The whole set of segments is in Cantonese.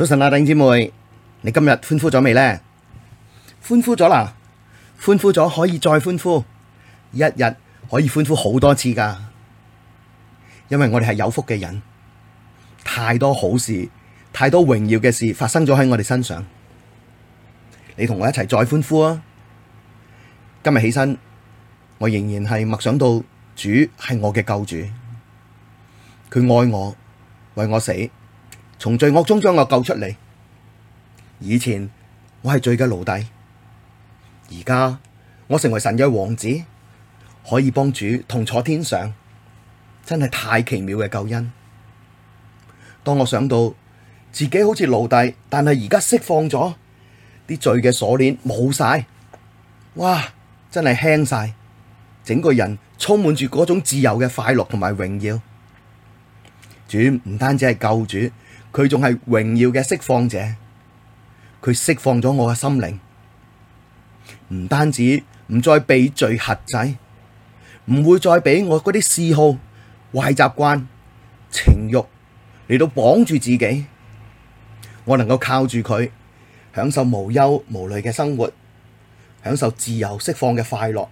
早晨啊，弟兄姊妹，你今日歡呼咗未呢？歡呼咗啦，歡呼咗，可以再歡呼，一日可以歡呼好多次噶，因為我哋係有福嘅人，太多好事，太多榮耀嘅事發生咗喺我哋身上。你同我一齊再歡呼啊！今日起身，我仍然係默想到主係我嘅救主，佢愛我，為我死。從罪惡中將我救出嚟。以前我係罪嘅奴隸，而家我成為神嘅王子，可以幫主同坐天上，真係太奇妙嘅救恩。當我想到自己好似奴隸，但係而家釋放咗，啲罪嘅鎖鏈冇晒，哇！真係輕晒，整個人充滿住嗰種自由嘅快樂同埋榮耀。主唔單止係救主。佢仲係榮耀嘅釋放者，佢釋放咗我嘅心靈，唔單止唔再被罪轄制，唔會再俾我嗰啲嗜好、壞習慣、情慾嚟到綁住自己。我能夠靠住佢，享受無憂無慮嘅生活，享受自由釋放嘅快樂，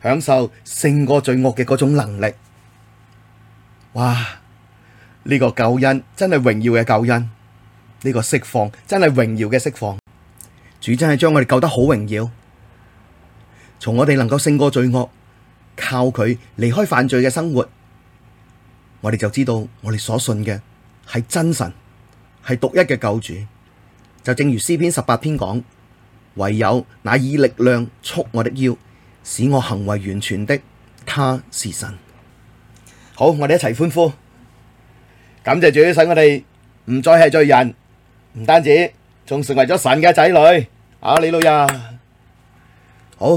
享受勝過罪惡嘅嗰種能力。哇！呢個救恩真係榮耀嘅救恩，呢、這個釋放真係榮耀嘅釋放，主真係將我哋救得好榮耀。從我哋能夠勝過罪惡，靠佢離開犯罪嘅生活，我哋就知道我哋所信嘅係真神，係獨一嘅救主。就正如詩篇十八篇講：唯有那以力量束我的腰，使我行為完全的，他是神。好，我哋一齊歡呼。感謝主使我哋唔再係罪人，唔單止，仲成為咗神嘅仔女。阿利路亞，好，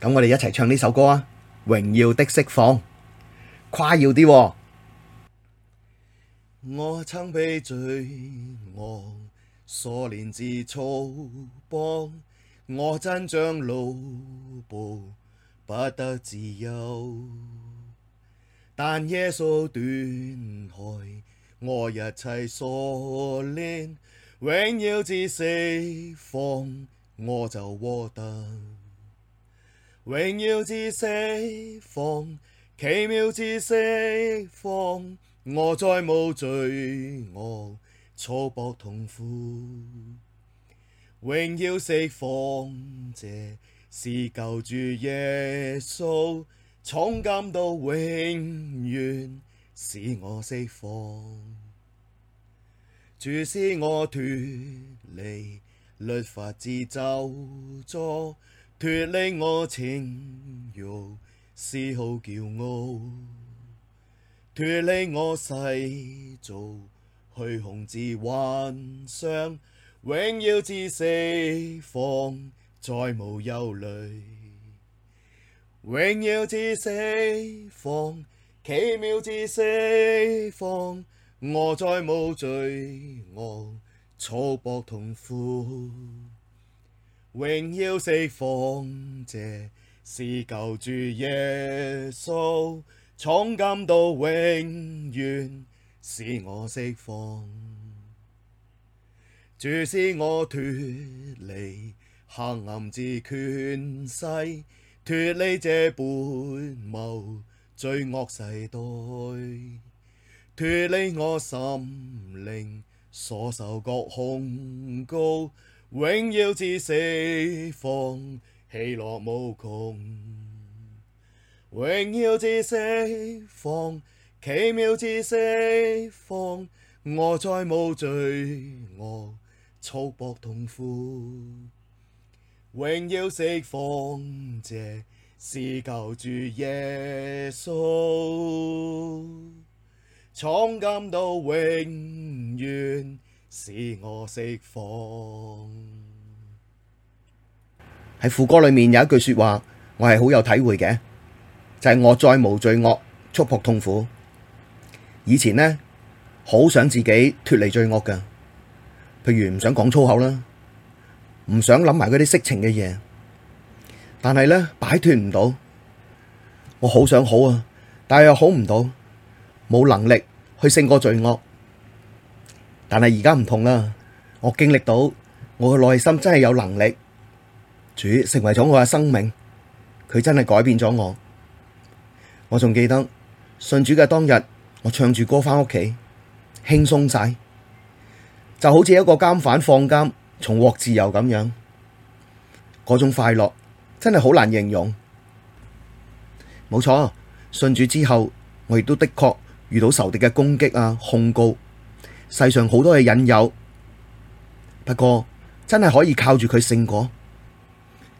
咁我哋一齊唱呢首歌啊，《榮耀的釋放》，誇耀啲。我曾被罪惡鎖鏈之束縛，我真像奴僕，不得自由，但耶穌斷開。我一切鎖鏈，榮耀之釋放，我就獲得榮耀之釋放，奇妙之釋放，我再無罪惡，束縛痛苦，榮耀釋放，這是救主耶穌，從今到永遠，使我釋放，主使我脫離律法之咒詛，脫離我情慾、嗜好、驕傲，脫離我世俗虛空之幻想，榮耀之釋放，再無憂慮，榮耀之釋放。奇妙之釋放，我再無罪惡、束縛、痛苦。榮耀釋放者是救主耶穌，從今到永遠使我釋放，主使我脫離黑暗之權勢，脫離這悖謬。罪惡世代脱離我心靈，所受各控告。榮耀之釋放，喜樂無窮，榮耀之釋放，奇妙之釋放，我再無罪惡，束縛痛苦，榮耀釋放者。是救主耶穌，從今到永遠，使我釋放。喺副歌裏面有一句說話，我係好有體會嘅，就係我再無罪惡，束縛痛苦。以前呢，好想自己脫離罪惡嘅，譬如唔想講粗口啦，唔想諗埋嗰啲色情嘅嘢。但係咧，擺脫唔到。我好想好啊，但係又好唔到，冇能力去勝過罪惡。但係而家唔同啦，我經歷到我嘅內心真係有能力，主成為咗我嘅生命，佢真係改變咗我。我仲記得信主嘅當日，我唱住歌返屋企，輕鬆晒，就好似一個監犯放監，重獲自由咁樣，嗰種快樂。真係好難形容，冇錯。信主之後，我亦都的確遇到仇敵嘅攻擊啊、控告，世上好多嘅引誘。不過真係可以靠住佢勝過，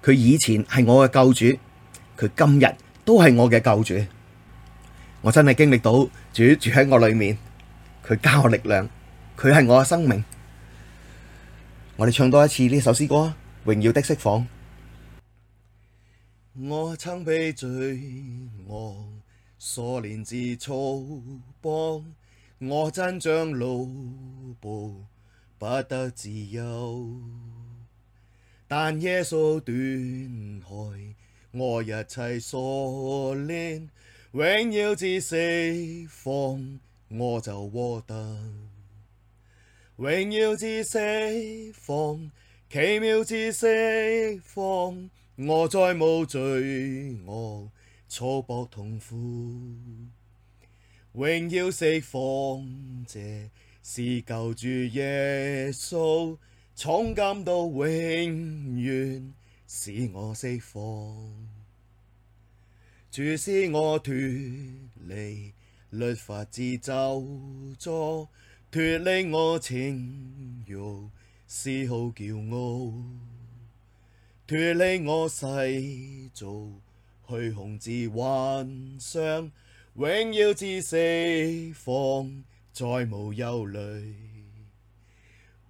佢以前係我嘅救主，佢今日都係我嘅救主。我真係經歷到主住喺我裏面，佢加我力量，佢係我嘅生命。我哋唱多一次呢首詩歌啊！榮耀的釋放。我曾被罪惡鎖鏈之束縛，我真像奴僕不得自由。但耶穌斷開我一切鎖鏈，榮耀之釋放，我就獲得榮耀之釋放，奇妙之釋放。我再冇罪惡，束縛痛苦，榮耀釋放者是救主耶穌，從今到永遠，使我釋放。主使我脫離律法之咒詛，脫離我情慾，嗜好驕傲。脫離我世俗虛空之幻想，榮耀之釋放再無憂慮，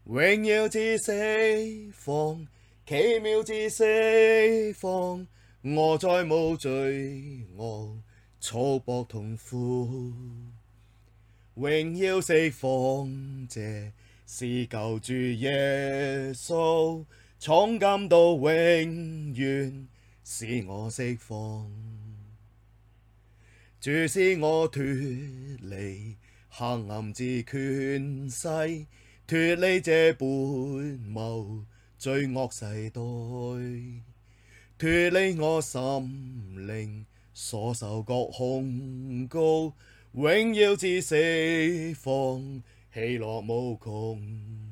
榮耀之釋放奇妙之釋放，我再無罪惡束縛痛苦，榮耀釋放者，是救主耶穌。從今到永遠，使我釋放；主使我脫離黑暗之權勢，脫離這悖謬、罪惡世代，脫離我心靈所受各控告，榮耀之釋放，喜樂無窮。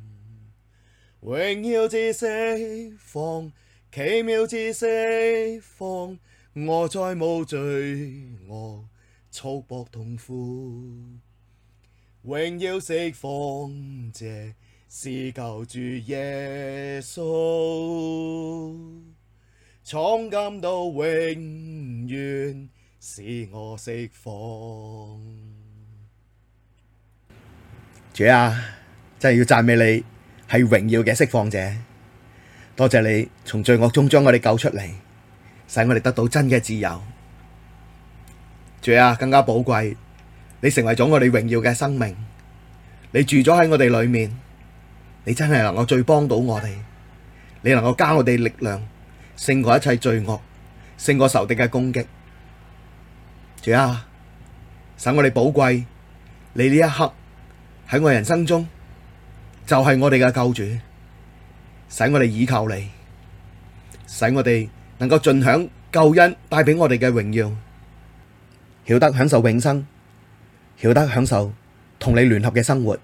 榮耀之釋放，奇妙之釋放，我再冇罪惡、束縛、痛苦。榮耀釋放者，是救主耶穌，從今到永遠使我釋放。主啊，真係要讚美你。係榮耀嘅釋放者，多謝你從罪惡中將我哋救出嚟，使我哋得到真嘅自由。主啊，更加寶貴，你成為咗我哋榮耀嘅生命，你住咗喺我哋裏面，你真係能夠最幫到我哋，你能夠加我哋力量，勝過一切罪惡，勝過仇敵嘅攻擊。主啊，使我哋寶貴，你呢一刻喺我人生中。就係我哋嘅救主，使我哋倚靠你，使我哋能夠盡享救恩帶俾我哋嘅榮耀，曉得享受永生，曉得享受同你聯合嘅生活。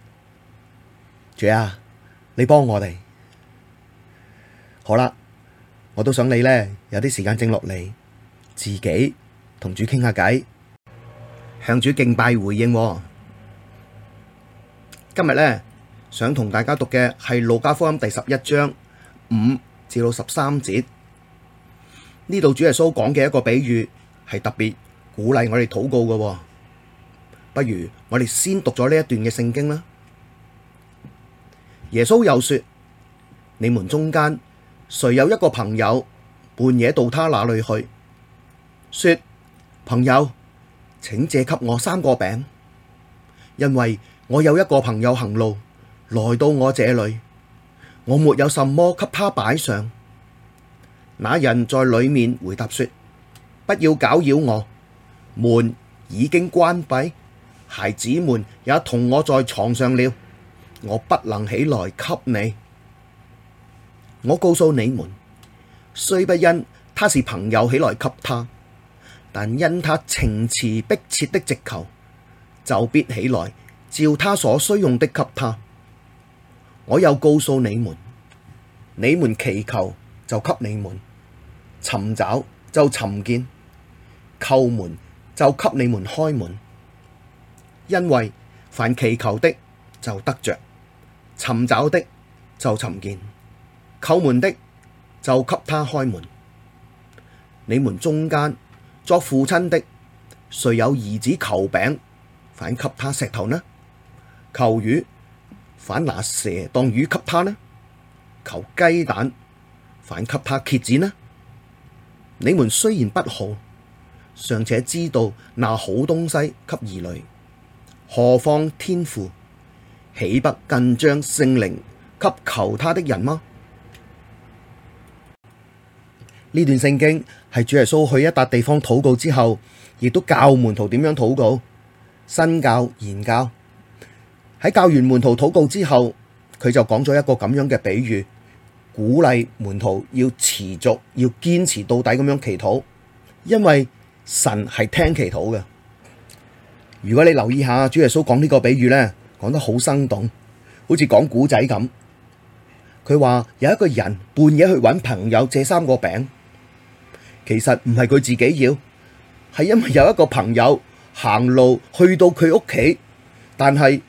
主啊，你幫我哋好啦，我都想你呢，有啲時間靜落嚟，自己同主傾下偈，向主敬拜回應。今日呢。想同大家讀嘅係《路加福音》第十一章五至到十三節，呢度主耶穌講嘅一個比喻係特別鼓勵我哋禱告嘅。不如我哋先讀咗呢一段嘅聖經啦。耶穌又說：你們中間誰有一個朋友，半夜到他那裡去，說：朋友，請借給我三個餅，因為我有一個朋友行路。來到我這裏，我沒有什麼給他擺上。那人在裏面回答說：不要攪擾我，門已經關閉，孩子們也同我在床上了，我不能起來給你。我告訴你們，雖不因他是朋友起來給他，但因他情詞迫切的直求，就必起來照他所需用的給他。我又告訴你們，你們祈求，就給你們尋找，就尋見，叩門，就給你們開門，因為凡祈求的，就得着，尋找的就尋見，叩門的就給他開門。你們中間作父親的，誰有兒子求餅，反給他石頭呢？求魚，反拿蛇當魚給他呢？求雞蛋反給他蠍子呢？你們雖然不好，尚且知道拿好東西給兒女，何況天父豈不更將聖靈給求他的人嗎？呢段聖經係主耶穌去一笪地方禱告之後，亦都教門徒點樣禱告，新教、言教。喺教完門徒禱告之後，佢就講咗一個咁樣嘅比喻，鼓勵門徒要持續要堅持到底咁樣祈禱，因為神係聽祈禱嘅。如果你留意下，主耶穌講呢個比喻呢，講得好生動，好似講古仔咁。佢話有一個人半夜去揾朋友借三個餅，其實唔係佢自己要，係因為有一個朋友行路去到佢屋企，但係，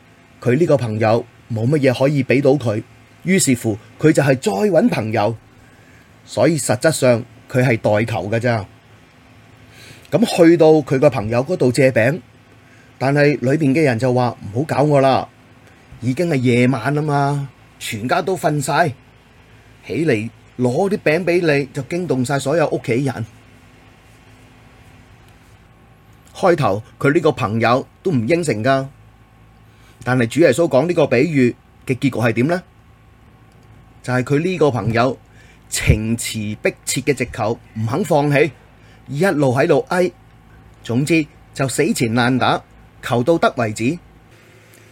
佢呢個朋友冇乜嘢可以俾到佢，於是乎佢就係再搵朋友，所以實質上佢係代求嘅咋。咁去到佢個朋友嗰度借餅，但係裏面嘅人就話唔好搞我啦，已經係夜晚啦嘛，全家都瞓晒，起嚟攞啲餅俾你就驚動晒所有屋企人。開頭佢呢個朋友都唔應承噶。但係主耶穌講呢個比喻嘅結局係點呢？就係佢呢個朋友情詞迫切嘅直求，唔肯放棄，一路喺度嗌。總之就死纏爛打，求到得為止。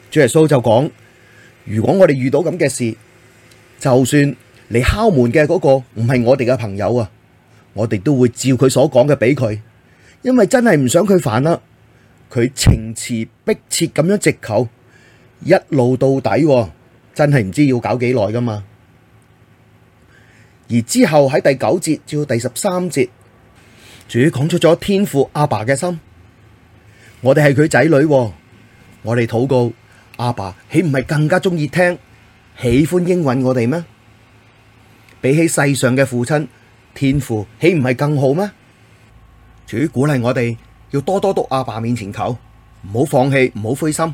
主耶穌就講：如果我哋遇到咁嘅事，就算你敲門嘅嗰個唔係我哋嘅朋友啊，我哋都會照佢所講嘅俾佢，因為真係唔想佢煩啦。佢情詞迫切咁樣直求。一路到底，真係唔知要搞幾耐噶嘛？而之後喺第九節至到第十三節，主講出咗天父阿爸嘅心，我哋係佢仔女，我哋禱告，阿爸豈唔係更加鍾意聽，喜歡應允我哋咩？比起世上嘅父親，天父豈唔係更好咩？主鼓勵我哋要多多督阿爸面前求，唔好放棄，唔好灰心。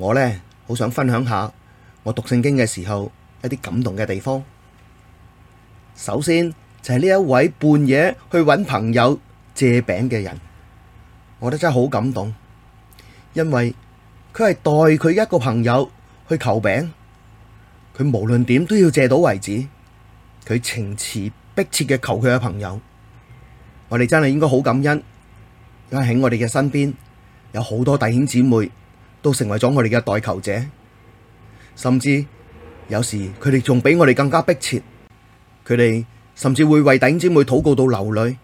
我呢，好想分享下我讀聖經嘅時候一啲感動嘅地方。首先就係呢一位半夜去揾朋友借餅嘅人，我都真係好感動，因為佢係代佢一個朋友去求餅，佢無論點都要借到為止，佢情詞迫切嘅求佢嘅朋友。我哋真係應該好感恩，因為喺我哋嘅身邊有好多弟兄姊妹。都成為咗我哋嘅代求者，甚至有時佢哋仲比我哋更加迫切。佢哋甚至會為弟兄姊妹禱告到流淚。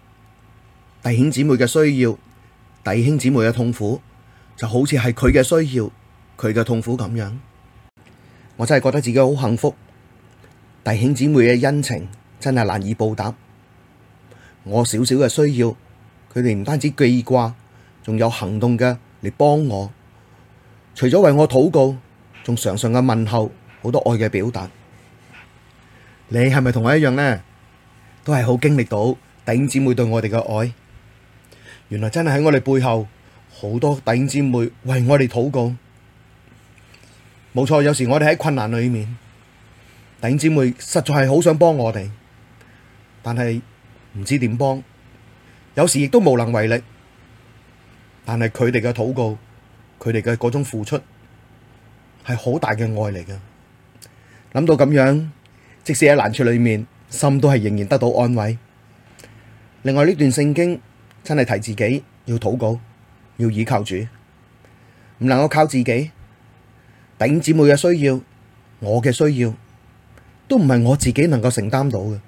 弟兄姊妹嘅需要，弟兄姊妹嘅痛苦，就好似係佢嘅需要，佢嘅痛苦咁樣。我真係覺得自己好幸福。弟兄姊妹嘅恩情真係難以報答。我少少嘅需要，佢哋唔單止記掛，仲有行動嘅嚟幫我。除咗為我禱告，仲常常嘅問候，好多愛嘅表達。你係咪同我一樣呢？都係好經歷到弟兄姊妹對我哋嘅愛。原來真係喺我哋背後，好多弟兄姊妹為我哋禱告。冇錯，有時我哋喺困難裏面，弟兄姊妹實在係好想幫我哋，但係唔知點幫，有時亦都無能為力。但係佢哋嘅禱告。佢哋嘅嗰種付出係好大嘅愛嚟嘅，諗到咁樣，即使喺難處裏面，心都係仍然得到安慰。另外呢段聖經真係提自己要禱告，要倚靠主，唔能夠靠自己。頂姊妹嘅需要，我嘅需要，都唔係我自己能夠承擔到嘅。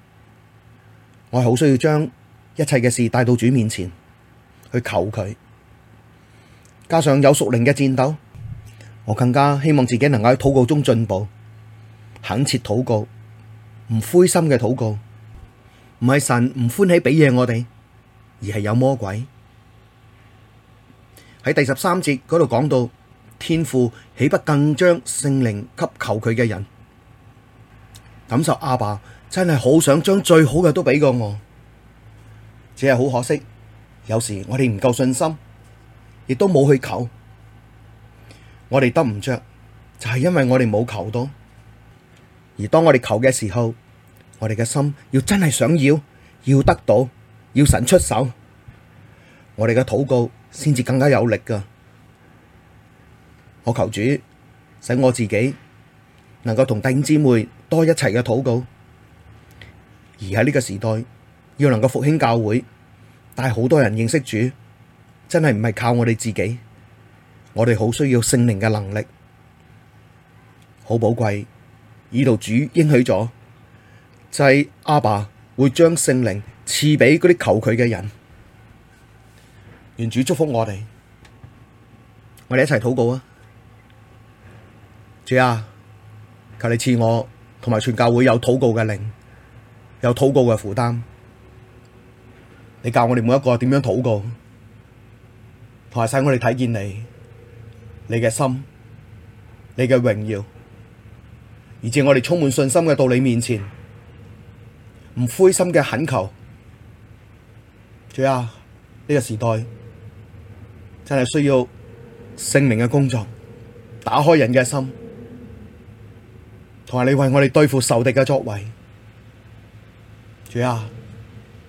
我係好需要將一切嘅事帶到主面前去求佢。加上有屬靈嘅戰鬥，我更加希望自己能夠喺禱告中進步，懇切禱告，唔灰心嘅禱告，唔係神唔歡喜俾嘢我哋，而係有魔鬼。喺第十三節嗰度講到，天父豈不更將聖靈給求佢嘅人？感受阿爸真係好想將最好嘅都俾過我，只係好可惜，有時我哋唔夠信心。亦都冇去求，我哋得唔着，就係因為我哋冇求到。而當我哋求嘅時候，我哋嘅心要真係想要，要得到，要神出手，我哋嘅禱告先至更加有力噶。我求主，使我自己能夠同弟兄姊妹多一齊嘅禱告，而喺呢個時代，要能夠復興教會，帶好多人認識主。真係唔係靠我哋自己，我哋好需要聖靈嘅能力，好寶貴。呢度主應許咗，就係阿爸會將聖靈賜俾嗰啲求佢嘅人。願主祝福我哋，我哋一齊禱告啊！主啊，求你賜我同埋全教會有禱告嘅靈，有禱告嘅負擔。你教我哋每一個點樣禱告。埋使我哋睇見你，你嘅心，你嘅榮耀，以致我哋充滿信心嘅到你面前，唔灰心嘅懇求，主啊，呢個時代真係需要聖靈嘅工作，打開人嘅心，同埋你為我哋對付仇敵嘅作為，主啊，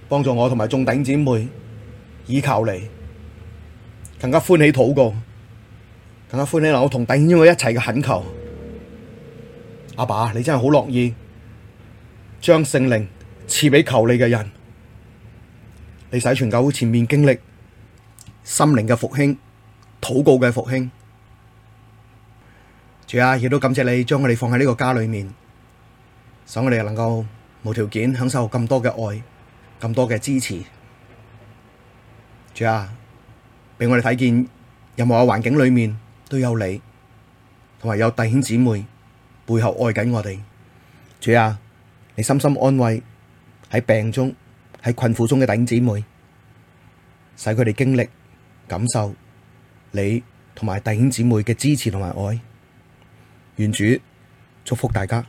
幫助我同埋眾頂姊妹倚靠你。更加歡喜禱告，更加歡喜能夠同弟兄妹一齊嘅懇求，阿爸，你真係好樂意將聖靈賜俾求你嘅人。你使全教會前面經歷心靈嘅復興、禱告嘅復興。主啊，亦都感謝你將我哋放喺呢個家裏面，想我哋能夠無條件享受咁多嘅愛、咁多嘅支持。主啊！俾我哋睇見任何嘅環境裏面都有你，同埋有弟兄姊妹背後愛緊我哋。主啊，你深深安慰喺病中、喺困苦中嘅弟兄姊妹，使佢哋經歷、感受你同埋弟兄姊妹嘅支持同埋愛。願主祝福大家。